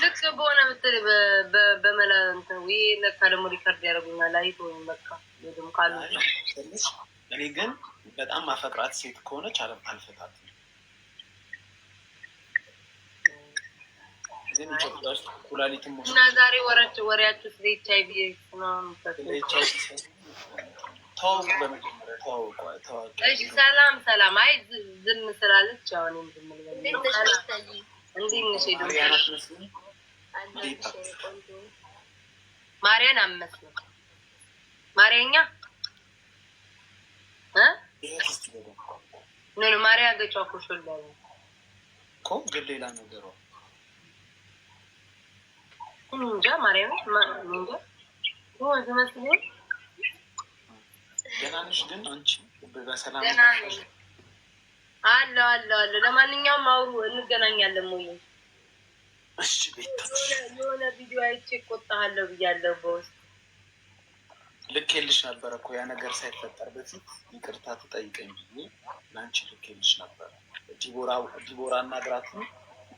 ልክ በሆነ ምትል በመላ እንትን ለካ ደግሞ ሪከርድ ያደርጉኛል። አይቶ ወይም በቃ ወይም ካሉ እኔ ግን በጣም አፈቅራት ሴት ከሆነች አለም አልፈታት ግን ኢትዮጵያ ውስጥ ኩላሊትም እና ዛሬ ወራች ወሬያችሁ ስለ ኤች አይ ቪ ተዋውቁ፣ ሰላም ሰላም። አይ ዝም ስላለች አሁን ዝም ማርያን አመስለው ማርያኛ ኖ ማርያ ገጫ ኮሾላ ግን ሌላ ነገሯ እንጃ ማርያም እንጃ ትመስል ገና ነሽ ግን አንቺ በሰላም አለው አለው አለው። ለማንኛውም አውሩ፣ እንገናኛለን። ሞኝ እሺ፣ ቤታ የሆነ ቪዲዮ አይቼ እቆጣሃለሁ ብያለሁ በውስጥ ልኬልሽ ነበረ እኮ ያ ነገር ሳይፈጠር በፊት ይቅርታ ትጠይቀኝ ብዬ ለአንቺ ልኬልሽ ነበረ። ዲቦራ ዲቦራ እና ግራትን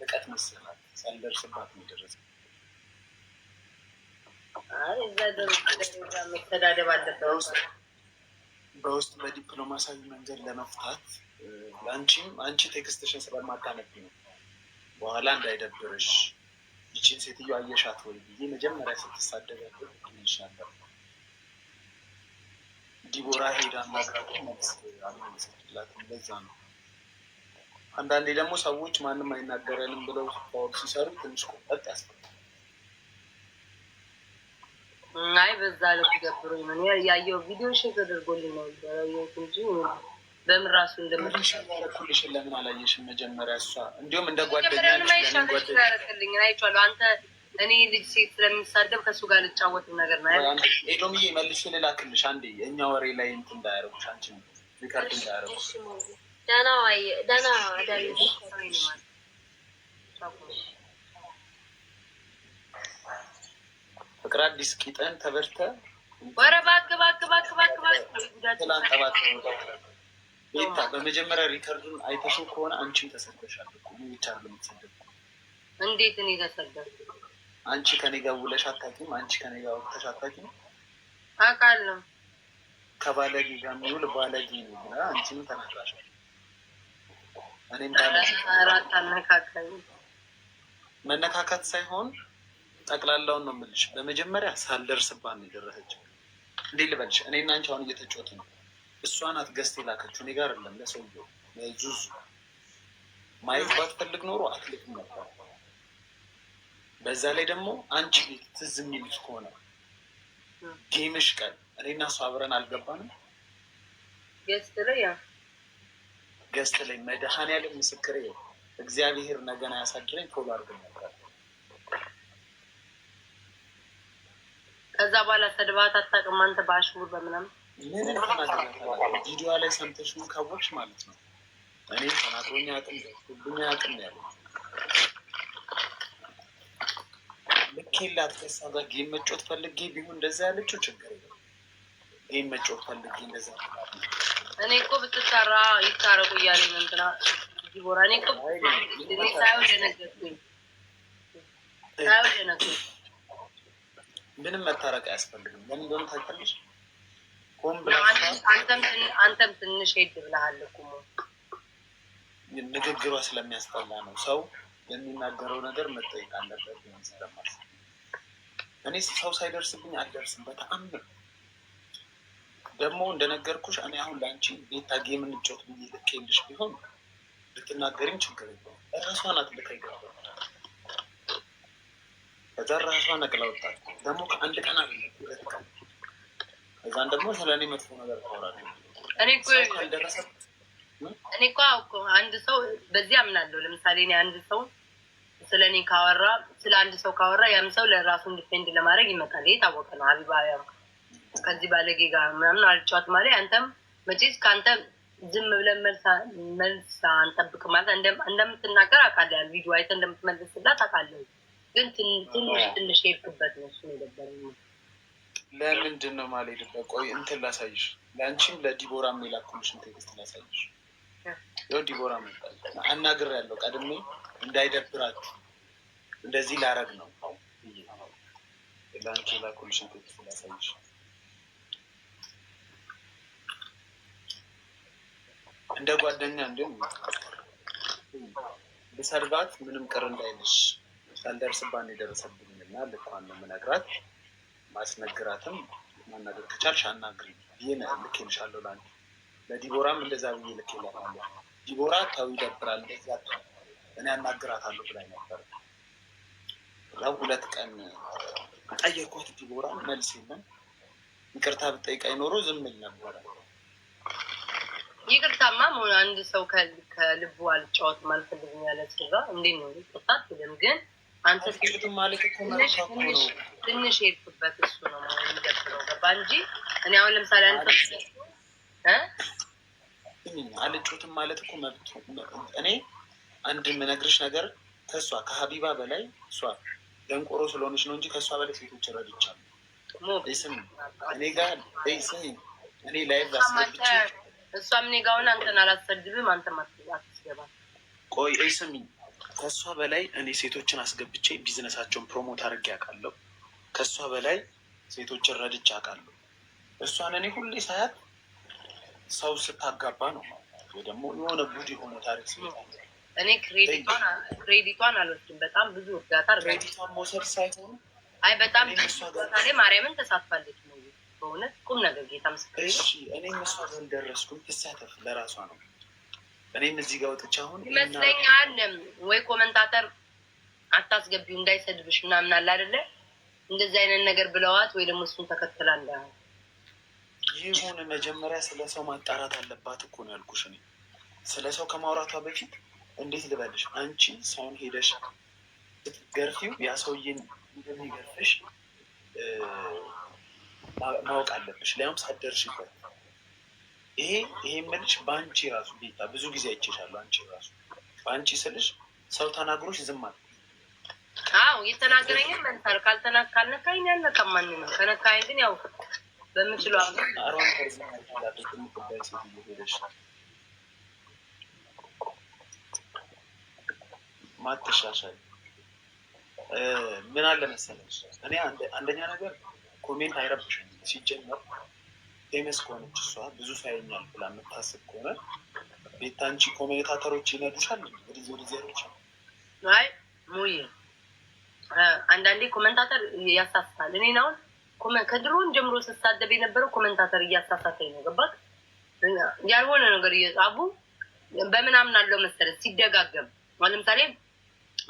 ልቀት መሰላት ሳልደርስባት ነው የደረሰው። እዛ መተዳደብ አለበት በውስጥ በዲፕሎማሲያዊ መንገድ ለመፍታት ለአንቺም አንቺ ቴክስትሽን ስለማታነቢ ነው በኋላ እንዳይደብርሽ ይችን ሴትዮ አየሻት ወይ ብዬ መጀመሪያ ስትሳደብ ያልሻለሁ። ዲቦራ ሄዳ ማቅረቡ አልመለሰችላትም። ለዛ ነው አንዳንዴ ደግሞ ሰዎች ማንም አይናገረንም ብለው ስታወቅ ሲሰሩ ትንሽ ቁጠጥ ያስፈልጋል። አይ በዛ ልክ ደብሮኝ ነው ያየው ቪዲዮ ሽ ተደርጎልኝ ነው ነበረ እንጂ በምን ራሱ እንደምልሽን ለምን አላየሽም? መጀመሪያ እሷ እንዲሁም እንደ አይቼዋለሁ። አንተ እኔ ልጅ ሴት ከእሱ ጋር ልጫወት ነገር ነው ሎምዬ፣ ልላክልሽ አንዴ። የእኛ ወሬ ላይ እንትን አንቺ ሪከርድ ፍቅር አዲስ ቂጠን ተበርተ ወረ ቤታ በመጀመሪያ ሪከርዱን አይተሽው ከሆነ አንቺም ተሰደሻል። ብቻ ነው የምትሰደው። እንዴት እኔ ተሰደሽ? አንቺ ከኔ ጋር ውለሽ አታውቂም። አንቺ ከኔ ጋር ወቅተሽ አታውቂም። አውቃለሁ። ከባለጌ ጋር የሚውል ባለጌ ነው ብላ አንቺም ተናግራሻል። እኔም ባለራት አነካካኝ መነካከት ሳይሆን ጠቅላላውን ነው የምልሽ። በመጀመሪያ ሳልደርስባት ነው የደረሰችው። እንዴት ልበልሽ? እኔና አንቺ አሁን እየተጫወት ነው እሷ ናት ገዝታ የላከችው፣ እኔ ጋር አይደለም። ለሰውየው ዙዙ ማየት ባትፈልግ ኖሮ አትልክም ነበር። በዛ ላይ ደግሞ አንቺ ቤት ትዝ የሚሉት ከሆነ ጌምሽ ቀን እኔና እሷ አብረን አልገባንም። ገዝት ላይ ያ ገዝት ላይ መድኃኔዓለም ምስክሬ፣ እግዚአብሔር ነገና ያሳድረኝ። ቶሎ አድርገን ነበር። ከዛ በኋላ ሰድባት አታውቅም አንተ በአሽሙር በምናምን ምንም ቪዲዮ ላይ ሰምተሽ ካወቅሽ ማለት ነው። እኔ ተናግሮኝ አቅም አቅም ያለ ልክ የላት ከሳ ጋር ጌም ፈልጌ ቢሆን እንደዛ ያለችው ችግር የለም። ጌም ፈልጌ እንደዛ እኔ እኮ ይታረቁ እያለ ምንትና ዲቦራ እኔ እኮ ሳይሆን ሳይሆን ምንም መታረቅ አያስፈልግም። ለምን እንደሆነ ታውቂያለሽ አንተም ትንሽ ሄድ ብለሃል እኮ ንግግሯ ስለሚያስጠላ ነው። ሰው የሚናገረው ነገር መጠየቅ አለበት። ስለማስ እኔ ሰው ሳይደርስብኝ አልደርስም። በተአምር ደግሞ እንደነገርኩሽ እኔ አሁን ለአንቺ ቤታ ጌም እንጫወት ብዬ ልኬልሽ ቢሆን ልትናገርኝ ችግር የለውም። እራሷ ናት ልከይገ ከዛ ራሷ ነቅላ ወጣች። ደግሞ ከአንድ ቀን አለ ሁለት ቀን እዛን ደግሞ ስለእኔ መጥፎ ነገር ታወራለህ። እኔ እኮ አንድ ሰው በዚህ አምናለሁ። ለምሳሌ እኔ አንድ ሰው ስለ እኔ ካወራ ስለ አንድ ሰው ካወራ ያም ሰው ለራሱ ዲፔንድ ለማድረግ ይመጣል። ይህ ታወቀ ነው። አቢባ ያም ከዚህ ባለጌ ጋር ምናምን አልጫወትም ማለት አንተም መቼስ ከአንተ ዝም ብለን መልስ አንጠብቅም ማለት እንደምትናገር አውቃለሁ። ቪዲዮ አይተህ እንደምትመልስላት አውቃለሁ። ግን ትንሽ ትንሽ ሄድክበት ነው እሱ የደበረኝ ለምንድን ነው የማልሄድበት? ቆይ እንትን ላሳይሽ፣ ለአንቺም ለዲቦራ የላኩልሽን ቴክስት ላሳይሽ። ይኸው ዲቦራ መጣ አናግር ያለው ቀድሜ እንዳይደብራችሁ እንደዚህ ላረግ ነው። ለአንቺ የላኩልሽን ቴክስት ላሳይሽ። እንደ ጓደኛ እንዲሁም ብሰርባት ምንም ቅር እንዳይልሽ ሳልደርስባን የደረሰብኝና ልኳን ነው የምነግራት ማስነግራትም ማናገር ከቻልሽ አናግሪ ብዬ ልኬልሻለሁ። ላ ለዲቦራም እንደዛ ብዬ ልኬላታለሁ። ዲቦራ ተው ይደብራል እንደዚያ እኔ አናግራታለሁ ብላኝ ነበር። ያው ሁለት ቀን ጠየኳት ዲቦራ መልስ የለም። ይቅርታ ብጠይቃኝ ኖሮ ዝም ብል ነበረ። ይቅርታማ መሆን አንድ ሰው ከልቡ አልጫወትም አልፈልግም ያለ ስራ እንዴት ነው ይቅርታ ግን አንተ ፊቱ ማለት እኮ ትንሽ የሄድኩበት እሱ ነው የሚደብረው። ገባ እንጂ እኔ አሁን ለምሳሌ አንተ አልጮትም ማለት እኮ መብቱ። እኔ አንድ የምነግርሽ ነገር ከእሷ ከሀቢባ በላይ እሷ ደንቆሮ ስለሆነች ነው እንጂ ከእሷ በላይ ሴቶች ረድቻለሁ። ስም እኔ ጋር ስም እኔ ላይ ስች እሷም እኔ ጋር ሆነ አንተን አላስፈልግም አንተም አትገባም። ቆይ ስሚ ከእሷ በላይ እኔ ሴቶችን አስገብቼ ቢዝነሳቸውን ፕሮሞት አድርጌ አውቃለሁ። ከእሷ በላይ ሴቶችን ረድቼ አውቃለሁ። እሷን እኔ ሁሌ ሳያት ሰው ስታጋባ ነው ወይ ደግሞ የሆነ ቡድ የሆነ ታሪክ እኔ ክሬዲቷን አልወስድም። በጣም ብዙ እርዳታ ክሬዲቷን መውሰድ ሳይሆኑ አይ በጣም ሳሌ ማርያምን ተሳትፋለች ነው በእውነት ቁም ነገር ጌታ ምስክር። እኔ እሷ ዘንድ ደረስኩኝ። ትሳተፍ ለራሷ ነው እኔም እዚህ ጋር ወጥቼ አሁን ይመስለኛል ወይ ኮመንታተር አታስገቢው እንዳይሰድብሽ ምናምን አለ አይደለ? እንደዚህ አይነት ነገር ብለዋት ወይ ደግሞ እሱን ተከትላለ። ይሁን መጀመሪያ ስለ ሰው ማጣራት አለባት እኮ ነው ያልኩሽ። እኔ ስለ ሰው ከማውራቷ በፊት እንዴት ልበልሽ፣ አንቺ ሰውን ሄደሽ ስትገርፊው ያ ሰውዬን እንደሚገርፍሽ ማወቅ አለብሽ። ሊያውም ሳደርሽበት ይሄ ይሄ የምልሽ በአንቺ ራሱ ቤታ ብዙ ጊዜ አይቼሻለሁ። አንቺ ራሱ በአንቺ ስልሽ ሰው ተናግሮች ዝም አለ። አዎ የተናገረኝ መንታል ካልነካኝ ያልነካ ማን ነው? ከነካኝ ግን ያው በምችሉ ማትሻሻል ምን አለ መሰለሽ እኔ አንደኛ ነገር ኮሜንት አይረብሽም ሲጀመር ፌመስ ከሆነች እሷ ብዙ ሳይኛል ብላ የምታስብ ከሆነ ቤታ አንቺ ኮሜንታተሮች ይነዱሻል። ወደዚ ወደዚያሮች ይ ሙይ አንዳንዴ ኮመንታተር ያሳስታል። እኔን አሁን ከድሮን ጀምሮ ስሳደብ የነበረው ኮመንታተር እያሳሳተኝ ነው። ገባት ያልሆነ ነገር እየጻቡ በምናምን አለው መሰለ ሲደጋገም ለምሳሌ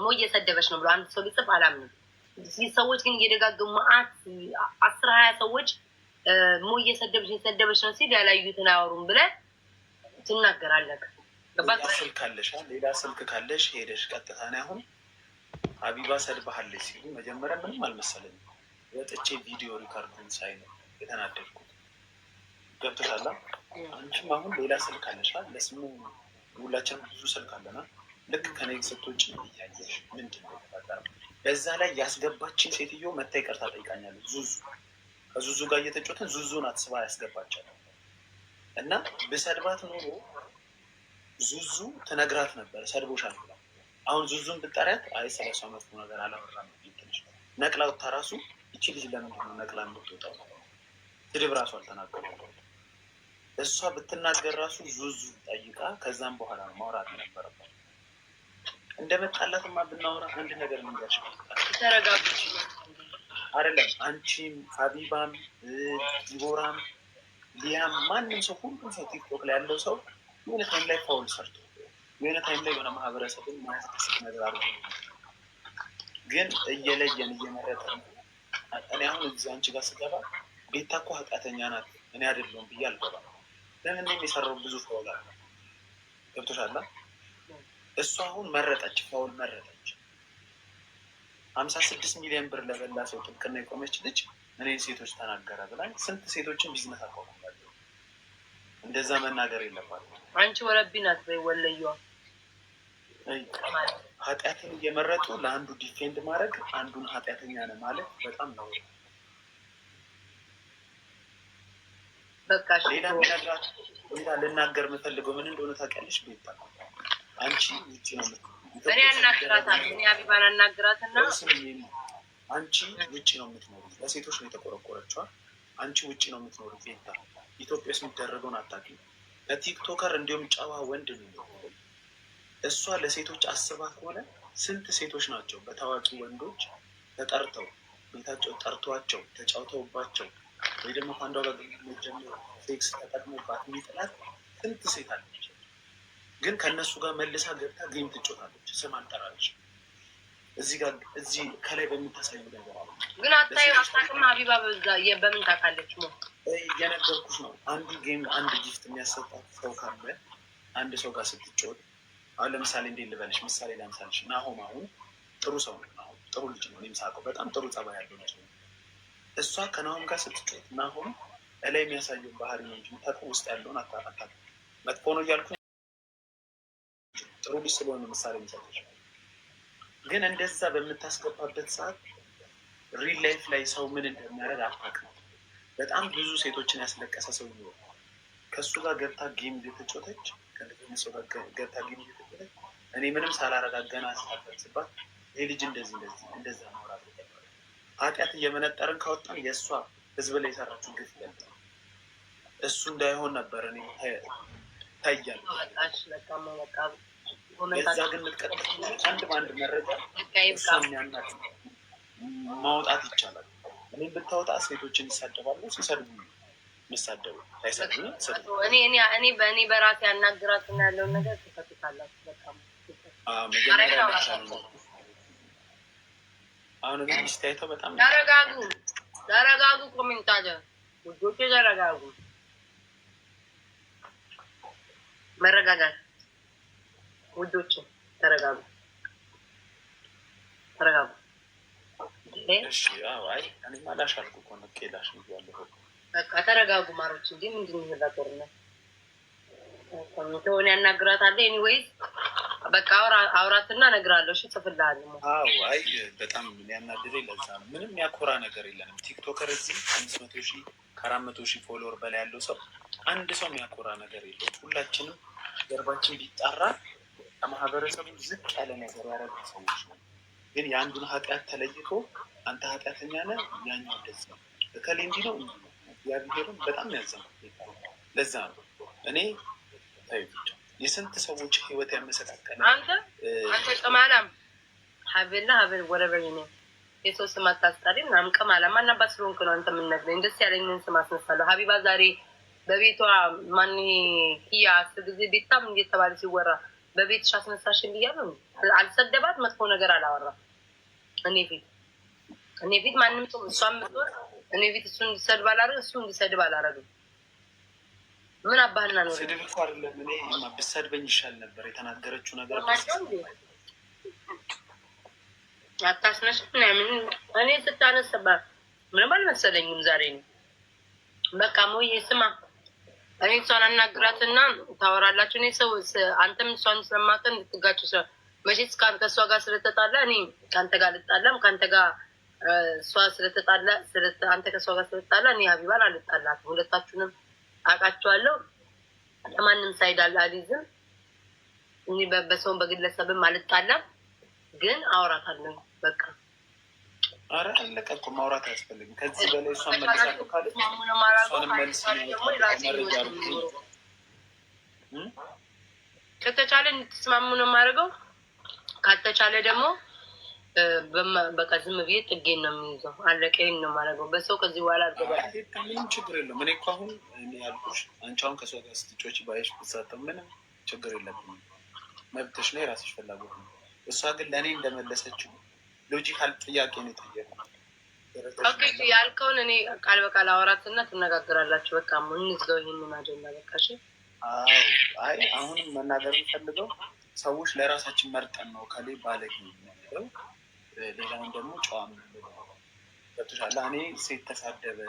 ሞ እየሰደበች ነው ብሎ አንድ ሰው ሊጽፍ አላምንም። ሰዎች ግን እየደጋገሙ መአት አስር ሀያ ሰዎች ሞ እየሰደበች የሰደበች ነው ሲል ያላዩትን አያወሩም ብለህ ትናገራለህ። ሌላ ስልክ ካለሽ ሄደሽ ቀጥታ ነው አሁን ሀቢባ ሰድባሃለች ሲሉ መጀመሪያ ምንም አልመሰለኝ። ወጥቼ ቪዲዮ ሪካርዱን ሳይ ነው የተናደድኩት። ገብቶሻል? አንቺም አሁን ሌላ ስልክ አለሽ ለስሙ ሁላችንም ብዙ ስልክ አለና ልክ ከነይ ስቶች እያየሽ ምንድን ነው በዛ ላይ ያስገባችን ሴትዮ መታ ይቅርታ ጠይቃኛለች ዙዙ ከዙዙ ጋር እየተጫወተ ዙዙን አትስባ ያስገባቸው እና ብሰድባት ኖሮ ዙዙ ትነግራት ነበር። ሰድቦሻል አሁን ዙዙን ብጠሪያት አይ ስለ እሷ መጥፎ ነገር አላወራም ትንሽ ነቅላ ወጥታ ራሱ ይቺ ልጅ ለምንድን ነው ነቅላ የምትወጣው? ስድብ ራሱ አልተናገሩ እሷ ብትናገር ራሱ ዙዙ ጠይቃ ከዛም በኋላ ነው ማውራት ነበረባት። እንደመጣላትማ ብናወራ አንድ ነገር ምንገር ተረጋግች አይደለም አንቺም ሀቢባም ዲቦራም ሊያም ማንም ሰው ሁሉም ሰው ቲክቶክ ላይ ያለው ሰው የሆነ ታይም ላይ ፋውል ሰርቶ የሆነ ታይም ላይ የሆነ ማህበረሰብን ማያስደስት ነገር አለ። ግን እየለየን እየመረጠ እኔ አሁን እዚህ አንቺ ጋር ስገባ ቤታ እኮ ኃጢአተኛ ናት እኔ አይደለሁም ብዬ አልገባም። ለምን እኔም የሰራው ብዙ ፋውል አለ። ገብቶሻል። እሱ አሁን መረጠች፣ ፋውል መረጠች ሀምሳ ስድስት ሚሊዮን ብር ለበላ ሰው ጥብቅና የቆመች ልጅ እኔን ሴቶች ተናገረ ብላኝ ስንት ሴቶችን ቢዝነስ አቋቁማለ። እንደዛ መናገር የለባትም። አንቺ ወረቢ ናት ወይ ወለየዋ ኃጢአትን እየመረጡ ለአንዱ ዲፌንድ ማድረግ አንዱን ኃጢአተኛ ነው ማለት በጣም ነው። ሌላ ልናገር የምፈልገው ምን እንደሆነ ታውቂያለሽ? ቤታ አንቺ ውጭ ነው እኔ አናግራታለሁ። እኔ አቢባን አናግራትና አንቺ ውጭ ነው የምትኖሩት፣ ለሴቶች ነው የተቆረቆረችዋል። አንቺ ውጭ ነው የምትኖሩት፣ ቤታ ኢትዮጵያ ውስጥ የሚደረገውን አታውቂም። ለቲክቶከር እንዲሁም ጨዋ ወንድ ነው እሷ። ለሴቶች አስባ ከሆነ ስንት ሴቶች ናቸው በታዋቂ ወንዶች ተጠርተው ቤታቸው ጠርቷቸው ተጫውተውባቸው ወይ ደግሞ ከአንዷ ጋር ጀምሮ ሴክስ ተጠቅሞባት የሚጥላት ስንት ሴት አለ። ግን ከእነሱ ጋር መልሳ ገብታ ጌም ትጮታለች። ስም አንጠራለች። እዚህ ጋር እዚህ ከላይ በምታሳዩ ነገር አለ። ግን አታዩ አስታቅም አቢባ በምን ታውቃለች? ሞ እየነገርኩሽ ነው። አንዱ ጌም አንድ ጊፍት የሚያሰጣት ሰው ካለ አንድ ሰው ጋር ስትጮት፣ አሁን ለምሳሌ እንዴት ልበልሽ፣ ምሳሌ ላምሳልሽ። ናሆም አሁን ጥሩ ሰው ነው። አሁን ጥሩ ልጅ ነው። እኔም ሳውቀው በጣም ጥሩ ጸባይ ያለው ልጅ ነው። እሷ ከናሆም ጋር ስትጮት፣ ናሆም እላይ የሚያሳየውን ባህሪ ነው እንጂ ውስጥ ያለውን አታውቅም። መጥፎ ነው እያልኩ ጥሩ ልጅ ስለሆነ ምሳሌ ሚሰጠች ግን እንደዛ በምታስገባበት ሰዓት ሪል ላይፍ ላይ ሰው ምን እንደሚያደርግ አታውቅም። በጣም ብዙ ሴቶችን ያስለቀሰ ሰው ይኖ ከእሱ ጋር ገብታ ጌም እየተጫወተች ሰው ጋር ገብታ ጌም እየተጫወተች እኔ ምንም ሳላረጋገና ሳፈርስባት ይህ ልጅ እንደዚህ እንደዚህ እንደዛ ነውራ ኃጢአት እየመነጠርን ካወጣን የእሷ ህዝብ ላይ የሰራችው ግፍ ይገልጣ እሱ እንዳይሆን ነበር እኔ ታያል ለዛ ግን የምትቀጥል አንድ በአንድ መረጃ ሳሚያናት ማውጣት ይቻላል። እኔም ብታወጣ ሴቶችን ይሳደባሉ። ሲሰድቡ ምሳደቡ ሳይሰድቡ እኔ በራሴ ያናግራት እና ያለውን ነገር ትፈትታላችሁ። መጀመሪያ አሁን ግን ሚስታይተው በጣም ተረጋጉ፣ ተረጋጉ። ኮሚንታለ ውዶቼ ተረጋጉ። መረጋጋት ውዶች ተረጋጉ፣ ተረጋጉ። በቃ ተረጋጉ። ማሮች እንዲ ምንድን የሚነጋገርነት ሆን ያናግራታለ። ኤኒዌይዝ በቃ አውራትና ነግራለሁ። እሺ ጽፍልሃለሁ። አዎ አይ በጣም የሚያናድደኝ ለዛ ነው። ምንም ያኮራ ነገር የለንም። ቲክቶከር እዚህ አምስት መቶ ሺህ ከአራት መቶ ሺህ ፎሎወር በላይ ያለው ሰው አንድ ሰው የሚያኮራ ነገር የለውም። ሁላችንም ጀርባችን ቢጣራ ከማህበረሰቡ ዝቅ ያለ ነገር ያደረጉ ሰዎች ነው። ግን የአንዱን ኃጢአት ተለይቶ አንተ ኃጢአተኛ ነህ፣ ያኛው ደስ ነው እከሌ እንዲህ ነው እንዲህ እግዚአብሔርም በጣም ያዘነ ለዛ ነው እኔ ታዩት የስንት ሰዎች ህይወት ያመሰቃቀለ አንተ አንተ ቅማላም ሀብና ሀብል ወረበኝ ነው የሰው ስም አታስጣሪ ምናምን ቅማላም ማናባት ስለሆንክ ነው አንተ የምንነግረኝ። ደስ ያለኝን ስም አስነሳለሁ። ሀቢባ ዛሬ በቤቷ ማን ያ አስር ጊዜ ቤታም እየተባለ ሲወራ በቤትሽ አስነሳሽን ብያለሁ። አልሰደባት፣ መጥፎ ነገር አላወራም። እኔ ፊት እኔ ፊት ማንም ሰው እሷ ምትወር እኔ ፊት እሱ እንዲሰድብ አላረግ እሱ እንዲሰድብ አላረግም። ምን አባህና ነው ስድብ እኮ አይደለም። እኔ ብሰድበኝ ይሻል ነበር። የተናገረችው ነገር አታስነሽ ምናምን እኔ ስታነሰባ ምንም አልመሰለኝም። ዛሬ ነው በቃ ሞዬ ስማ እኔ እሷን አናግራትና ታወራላችሁ። እኔ ሰው አንተም እሷን ስለማቀን ልትጋጩ ስለ ከአንተ እሷ ጋር ስለተጣላ እኔ ከአንተ ጋር ልጣላም ከአንተ ጋር እሷ ስለተጣላ አንተ ከእሷ ጋር ስለተጣላ እኔ ሀቢባን አልጣላት። ሁለታችሁንም አውቃቸዋለሁ። ለማንም ሳይዳል አልይዝም። እኔ በሰውን በግለሰብም አልጣላም፣ ግን አወራታለሁ በቃ አረ አለቀ እኮ ማውራት አያስፈልግም። ከዚህ በላይ እሷን መልሳለሁ ካለች መልስ ከተቻለ እንድትስማሙ ነው የማደርገው። ካልተቻለ ደግሞ በቃ ዝም ብዬ ጥጌን ነው የሚይዘው። አለቀ። ነው የማደርገው። በሰው ከዚህ በኋላ አልገባም። ምንም ችግር የለም። እኔ እኮ አሁን እኔ ያልኩሽ አንቺ አሁን ከእሷ ጋር ስትጮች ባይሽ ብትሳተም ምንም ችግር የለብኝም። መብትሽ ነው፣ የራስሽ ፍላጎት ነው። እሷ ግን ለእኔ እንደመለሰችው ሎጂካል ጥያቄ ነው የጠየቁ ያልከውን እኔ ቃል በቃል አወራትና ትነጋገራላችሁ። በቃ እንዝለው ይህንን አጀንዳ በቃ እሺ። አይ አሁንም መናገር የምፈልገው ሰዎች ለራሳችን መርጠን ነው ከሌ ባለጌ የሚለው ሌላውን ደግሞ ጨዋ ገብቶሻል። እኔ ሴት ተሳደበ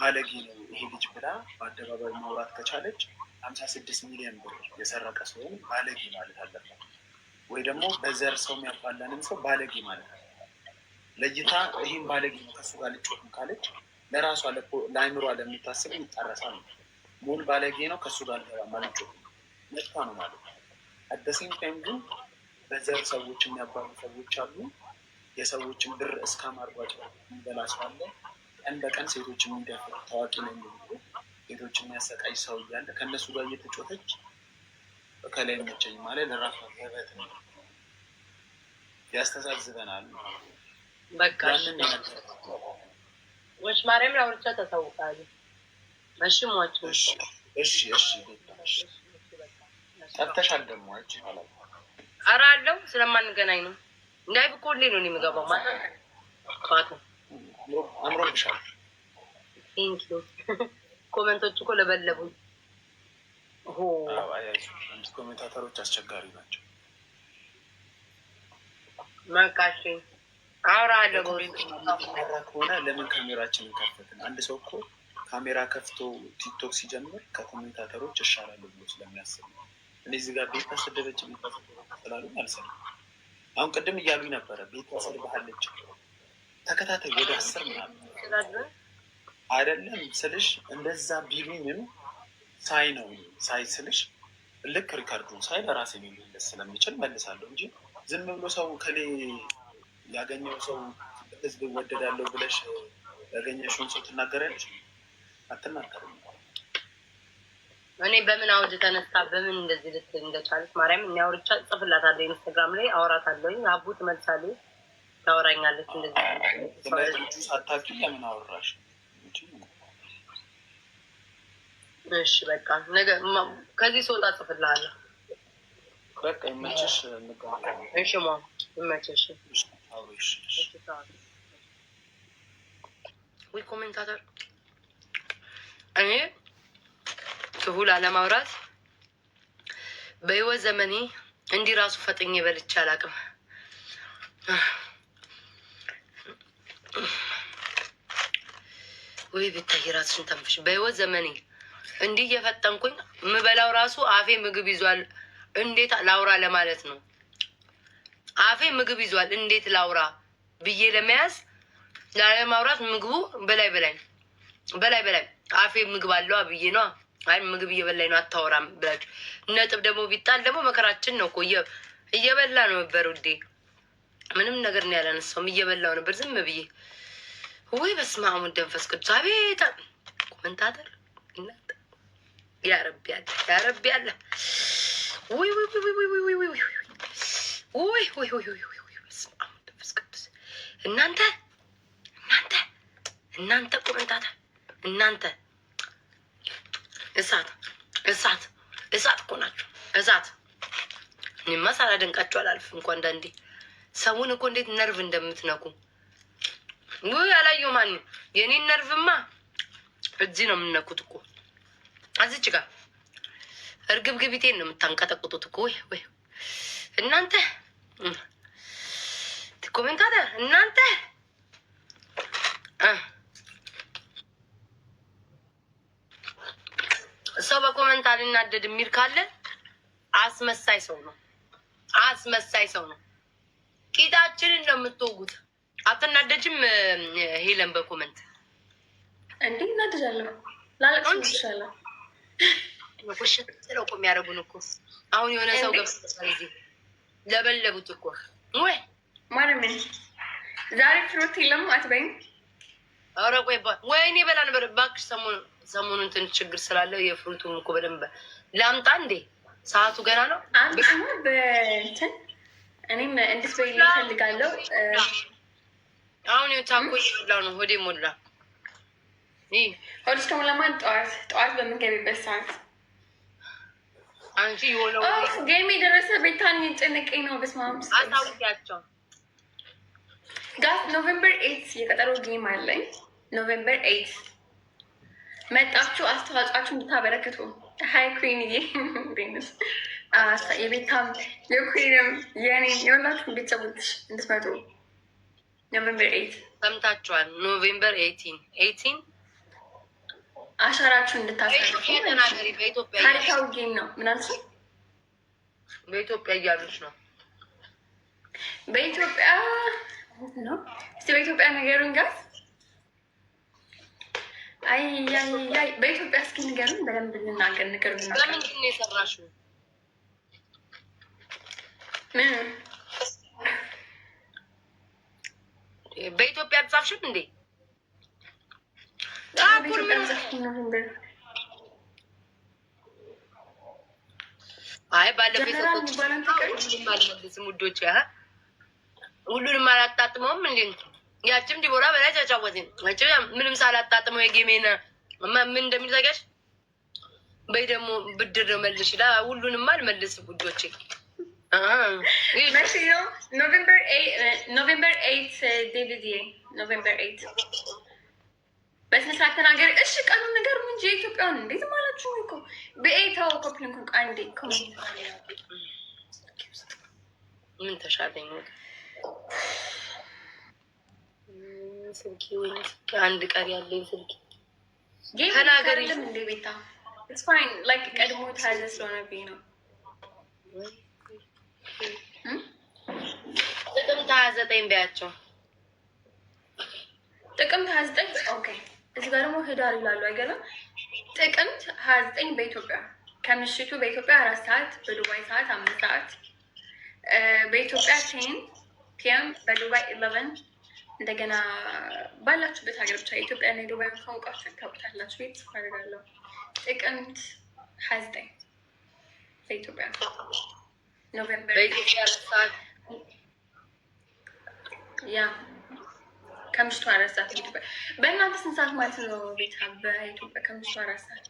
ባለጌ ነው ይሄ ልጅ ብላ በአደባባይ ማውራት ከቻለች ሀምሳ ስድስት ሚሊዮን ብር የሰረቀ ሰውን ባለጌ ማለት አለባት ወይ ደግሞ በዘር ሰው የሚያባላንም ሰው ባለጌ ማለት አለ ለይታ ይህን ባለጌ ነው ከሱ ጋር ልጮትም ካለች ለራሷ ለአይምሯ ለምታስብ ይጠረሳል። ነው ሙሉ ባለጌ ነው ከሱ ጋር ልገባ ማለጮ መጥቷ ነው ማለት አደሴም ታይም ግን በዘር ሰዎች የሚያባሉ ሰዎች አሉ። የሰዎችን ብር እስከ ማርጓጭ የሚበላ ሰው አለ። ቀን በቀን ሴቶች የሚደፍ ታዋቂ ነው የሚሉ ሴቶች የሚያሰቃይ ሰው እያለ ከእነሱ ጋር እየተጮተች ከላይ መቸኝ ማለት ለራሷ ህበት ነው። ያስተሳዝበናል። በቃ ማርያም ላውርቻ ተሳውቃሉ። እሺ ሟች እሺ እሺ እሺ ደግሞ አንቺ ነው። ኧረ አለው ስለማንገናኝ ነው። እንዳይ ብኮሌ ነው የሚገባው ማለት ጧት ኮመንቶች እኮ ለበለቡኝ። ኮሜንታተሮች አስቸጋሪ ናቸው። መቃሽ አውራ አለ ከሆነ ለምን ካሜራችንን ከፈትን? አንድ ሰው እኮ ካሜራ ከፍቶ ቲክቶክ ሲጀምር ከኮሜንታተሮች እሻላሉ ብሎ ስለሚያስብ ነው። እኔ እዚህ ጋር ቤት ታሰደበች ስላሉ አልሰማ። አሁን ቅድም እያሉኝ ነበረ ቤት ታሰድባለች ተከታታይ ወደ አስር ምናምን አይደለም ስልሽ እንደዛ ቢሉኝም ሳይ ነው ሳይ ስልሽ ልክ ሪካርዱን ሳይ ለራሴ ሊመለስ ስለሚችል መልሳለሁ እንጂ ዝም ብሎ ሰው ከሌ ያገኘው ሰው ህዝብ እወደዳለሁ ብለሽ ያገኘሽውን ሰው ትናገራለሽ? አትናገርም። እኔ በምን አውድ ተነሳ በምን እንደዚህ ልት እንደቻለች ማርያም እኒያውርቻ አውርቻ ጽፍላታለሁ፣ ኢንስታግራም ላይ አውራታለሁኝ። አቡ ትመልሳለች፣ ታወራኛለች። እንደዚህ ሳታቂ ለምን አወራሽ? እሺ በቃ ነገ ከዚህ ስወጣ ጽፍልሃለሁ። በቃ ይመችሽ። እሺ ማ ይመችሽ። ወይ ኮሜንታተር እኔ ክሁላ ለማውራት በህይወት ዘመኔ እንዲህ ራሱ ፈጥኝ በልቼ አላቅም። ወይ ቤታዬ ራስሽን ተንፍሽ። በህይወት ዘመኔ እንዲህ እየፈጠንኩኝ ምበላው ራሱ አፌ ምግብ ይዟል። እንዴት ላውራ ለማለት ነው። አፌ ምግብ ይዟል። እንዴት ላውራ ብዬ ለመያዝ ላለማውራት ምግቡ በላይ በላይ በላይ በላይ አፌ ምግብ አለው ብዬ ነዋ። አይ ምግብ እየበላኝ ነው አታወራም ብላችሁ ነጥብ ደግሞ ቢጣል ደግሞ መከራችን ነው እኮ እየበላ ነው ነበር ውዴ። ምንም ነገር ነው ያላነሳውም። እየበላው ነበር ዝም ብዬ። ወይ በስመ አብ ወወልድ ወመንፈስ ቅዱስ። አቤት ኮመንታተር ያረብ ያለ ያረብ ያለ ወይ ወይ ወይ ወይ ወይ ወይ ወይ ወይ ወይ ወይ ወይ ወይ በስመ አብ መንፈስ ቅዱስ። እናንተ እናንተ እናንተ ቆመንታታ እናንተ እሳት እሳት እሳት እኮ ናቸው እሳት። እኔማ ሳላደንቃችሁ አላልፍም። እንኳ አንዳንዴ ሰውን እኮ እንዴት ነርቭ እንደምትነኩ ውይ ያላየው ማን ነው ነርቭማ እዚህ ነው የምነኩት እኮ እዚች ጋር እርግብግቢቴን ነው የምታንቀጠቅጡት እኮ ወይ ወይ እናንተ ኮሜንታተር mm. እናንተ ah. ሰው በኮመንታ አልናደድ የሚል ካለ አስመሳይ ሰው ነው፣ አስመሳይ ሰው ነው። ቂጣችንን እንደምትወጉት የምትወጉት። አትናደጅም ሄለን? በኮመንት እንዴ እናደጃለሁ። ላለቅሽሻለ ቁም ያደረጉን እኮ አሁን የሆነ ሰው ገብስ ጊዜ ለበለቡት እኮ ወይ ማንም ዛሬ ፍሩት የለም አትበይም። ኧረ ቆይ ወይኔ በላ ነበር እባክሽ። ሰሞኑን እንትን ችግር ስላለው የፍሩቱ እኮ በደንብ ላምጣ እንዴ? ሰዓቱ ገና ነው። በእንትን እኔም በይ እፈልጋለሁ። አሁን ታኮ ሞላ ነው ሆዴ ሞላ። ሆድ ማን ጠዋት ጠዋት በምንገቢበት ሰዓት አንቺ የሆነ ገሚ የደረሰ ቤታን ጭንቀኝ ነው። በስመ አብ አታውቂያቸው ጋስ ኖቬምበር ኤይት የቀጠሮ ጌም አለኝ። ኖቬምበር ኤይት መጣችሁ አስተዋጽኦአችሁ እንድታበረክቱ። ሀይ ኩን ቤንስ የቤታም የኩንም የኔ የሁላችሁም ቤተሰቦች እንድትመጡ ኖቬምበር ኤይት ሰምታችኋል። ኖቬምበር ኤይቲን ኤይቲን አሻራችሁ እንድታሳርፉ ጌም ነው። ምናልሱ በኢትዮጵያ እያሉች ነው። በኢትዮጵያ ነው። በኢትዮጵያ ንገሩን ጋር አይ ያይ በኢትዮጵያ እስኪ ንገሩን በደንብ ልናገር ንገር። በምንድን ነው የሰራሽው? ምን በኢትዮጵያ አልጻፍሽም እንዴ? አይ ባለ አልመልስም ውዶች፣ ሁሉንም አላጣጥመውም። እንዴ ያችም ዲቦራ በላይ ምንም ሳላጣጥመው ምን እንደሚዘጋሽ በይ ደግሞ ብድር ነው መልሽ ሁሉንም አልመልስም ውዶቼ። ኖቬምበር ኤይት ዴቪድ ኖቬምበር ኤይት በስነ ስርዓት ተናገሪ። እሺ ቀኑ ነገር ምን እንጂ ኢትዮጵያን እንዴት ማለችሁ እኮ በኤታው ኮፕሊንኩን ቃንዴ ምን ተሻለኝ ነው ስልኪ ወይ አንድ ቀን ያለኝ ስልኪ ተናገሪ እንዴ ቤታ ኢትስ ፋይን ላይክ ቀድሞ ታዘ ስለሆነ ብዬ ነው ጥቅምት ሀያ ዘጠኝ ቢያቸው ጥቅምት ሀያ ዘጠኝ ኦኬ እዚህ ጋር ደግሞ ህዳር ይላሉ አይገለም። ጥቅምት ሀያ ዘጠኝ በኢትዮጵያ ከምሽቱ በኢትዮጵያ አራት ሰዓት በዱባይ ሰዓት አምስት ሰዓት በኢትዮጵያ ቴን ፒኤም በዱባይ ኢለቨን እንደገና ባላችሁበት ሀገር ብቻ ኢትዮጵያ እና ዱባይ ካወቃችሁ ታውቁታላችሁ። ቤት አደርጋለሁ ጥቅምት ሀያ ዘጠኝ በኢትዮጵያ ኖቬምበር ያ ከምሽቱ አራት ሰዓት ኢትዮጵያ። በእናንተ ስንት ሰዓት ማለት ነው? ቤታ በኢትዮጵያ ከምሽቱ አራት ሰዓት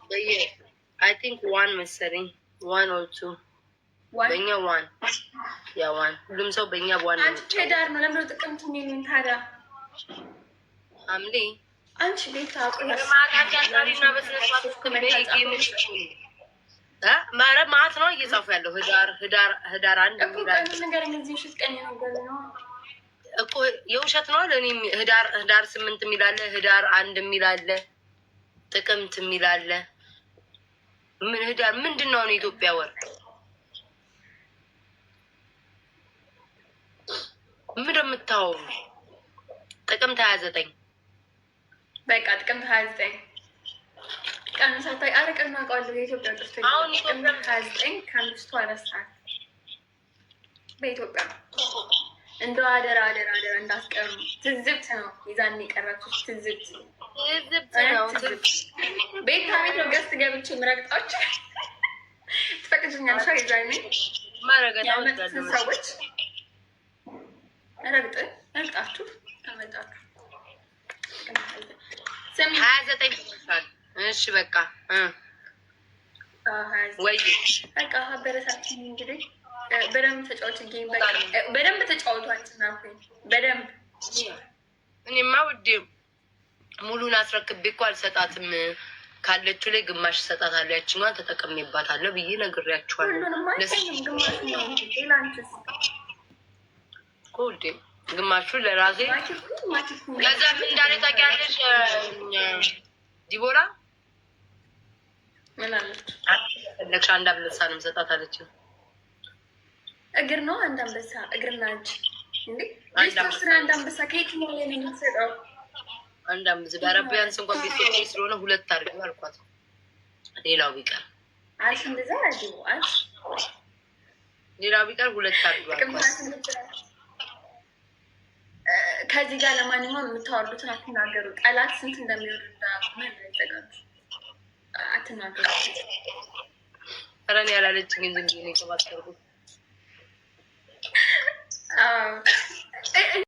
አይ ቲንክ ዋን መሰለኝ፣ ዋን ኦር ቱ በእኛ ዋን ያ ዋን፣ ሁሉም ሰው በእኛ ዋን። አንቺ ዳር ነው ለምደ ጥቅምት የሚሉኝ ታዲያ ሐምሌ አንቺ ቤታ ማረ ማት ነው እየጻፉ ያለው ህዳር ህዳር ህዳር አንድ ነገር እነዚህ ሽት ቀን ነው እኮ የውሸት ነው። እኔ ህዳር ህዳር ስምንት የሚላለ ህዳር አንድ የሚላለ ጥቅምት የሚላለ ምን ህዳር ምንድን ነው? ኢትዮጵያ ወር ምን የምታወሩ? ጥቅምት ሀያ ዘጠኝ በቃ ጥቅምት ሀያ ዘጠኝ ቀን ሳታይ አረ ቀን አውቀዋለሁ። የኢትዮጵያ ቅርቶ አሁን ጥቅምት ሀያ ዘጠኝ ከአምስቱ አራት በኢትዮጵያ እንደው አደራ አደራ አደራ እንዳስቀሩ። ትዝብት ነው ይዛን የቀረችው ትዝብት ትዝብት ነው። ቤት ከቤት ነው ገስት ገብቼ ምረግጣዎች ትፈቅድኛል? ሻ ይዛኔ ያመጡትን ሰዎች ረግጥ ረግጣችሁ ተመጣችሁ ሀያ ዘጠኝ እሺ በቃ ወይ በቃ አበረታችን እንግዲህ በደንብ ተጫወች ጌም በደንብ ተጫወቷል። በደንብ እኔማ ውዴ ሙሉን አስረክቤ እኮ አልሰጣትም። ካለችው ላይ ግማሽ እሰጣታለሁ፣ ያችኛዋን ተጠቅሜባታለሁ ብዬ ነግሬያችኋለሁ። ውዴ ግማሹ ለራሴ ከዛ ምን እንዳለ ታውቂያለሽ ዲቦራ? ምን አለች? አንድ አንበሳ ነው የምሰጣት አለችኝ። እግር ነው አንድ አንበሳ እግርና እጅ እንዴ አንድ አንበሳ ከየትኛው ላይ ነው የሚሰጠው? አንድ አንበሳ በአረቢያንስ እንኳን ቤቶች ስለሆነ ሁለት አድርገው አልኳት። ሌላው ቢቀር አልሽ እንደዛ አድርገው አልሽ ሌላው ቢቀር ሁለት አድርገው አልኳት። ከዚህ ጋር ለማንኛውም የምታወርዱትን አትናገሩ። ጠላት ስንት እንደሚወርድ ምን ዘጋጁ አትናገሩ። ረን ያላለችኝ እንጂ ነው ቀርቡት Um, it, it